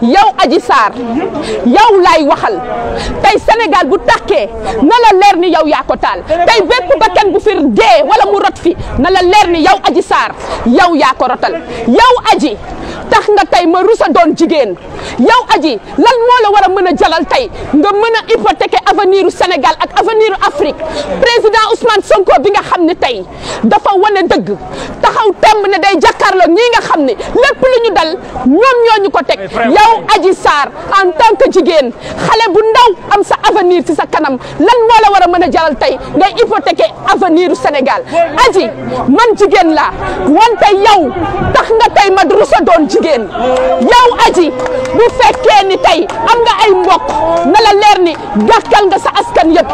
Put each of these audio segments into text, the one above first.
yow Adji Sarr yow laay waxal tey Sénégal bu tàkkee na la leer ni yow yaa ko taal tey bépp bakkan bu fi dee wala mu rot fi na la leer ni yaw aji saar yow yaa ko rotal yow Adji tax nga tey ma rusa doon jigéen yow aji lan moo la war a mën a jalal tey nga mën a hypothéquer avenir u Sénégal ak avenir u Afrique président Ousmane Sonko bi nga xam ne tey dafa wane dëgg taxaw temb ne day jàkkaarloo ñii nga xam ne lépp lu ñu dal ñoom ñoo ñu ko teg yow aji saar en tant que jigéen xale bu ndaw am sa avenir si sa kanam lan moo la war a mën a jalal tey ngay hypothéquer avenir u Sénégal aji man jigéen la wante yow tax nga tey ma rusa doon jigéen yow aji bu fekkee ni am nga ay mbokk na leer ni gàkkal nga sa askan yëpp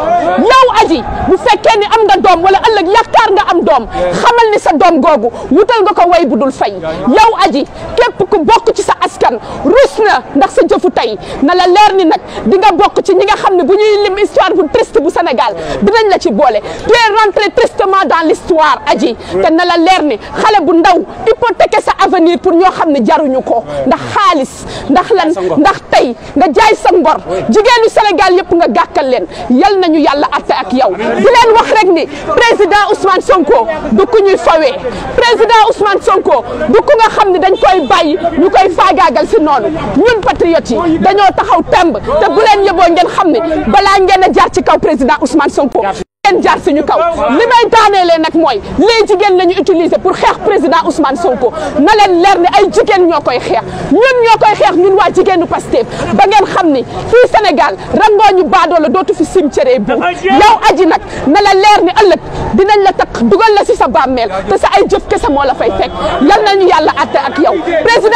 yow aji bu fekkee am nga doom wala ëllëg yaakaar nga am doom xamal ni sa doom googu wutal nga ko way bu dul fay yow aji képp ku bokk ci askan rus na ndax sa jëfu tey na la leer ni nag di nga bokk ci ñi nga xam ne bu ñuy lim histoire bu triste bu Sénégal dinañ la ci boole tu es rentré tristement dans l'histoire aji te na la leer ni xale bu ndaw hypothéquer sa avenir pour ñoo xam ne jaruñu ko ndax xaalis ndax lan ndax tey nga jaay sa ngor jigéenu Sénégal yëpp nga gàkkal leen yal nañu yàlla atte ak yow di leen wax rek ni président Ousmane Sonko du ku ñuy fawee président Ousmane Sonko du ku nga xam ni dañ koy bàyyi ñu koy faagaagal si noonu ñun patriotes yi dañoo taxaw temb te bu leen yëboo ngeen xam ne balaa ngeen a jaar ci kaw président Ousmane Sonko ngeen jaar suñu kaw li may daaneelee nag mooy les jigéen la ñu pour xeex président Ousmane Sonko na leen leer ni ay jigéen ñoo koy xeex ñun ñoo koy xeex ñun waa jigéenu Pastef ba ngeen xam ni fii Sénégal rangooñu baadoo la dootu fi cimetière bu yow aji nag na la leer ni ëllëg dinañ la takk dugal la si sa bàmmeel te sa ay jëf kese moo la fay fekk yal nañu yàlla àtte ak yow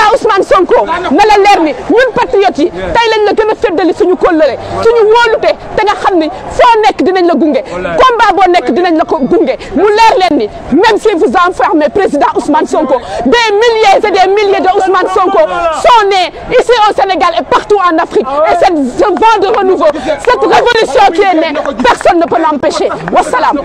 président Ousmane Sonko na la leer ni la patriotes yi tey lañ la gën a feddali suñu kóllëre suñu wóolute te nga xam ni foo nekk dinañ la gunge combat boo nekk dinañ la ko gunge mu leer leen ni même si vous enfermez président Ousmane Sonko des milliers et des milliers de Ousmane Sonko sont nés ici au Sénégal et partout en Afrique ah et cette ce vent de renouveau ah cette révolution qui est née personne ne peut l'empêcher wasalaam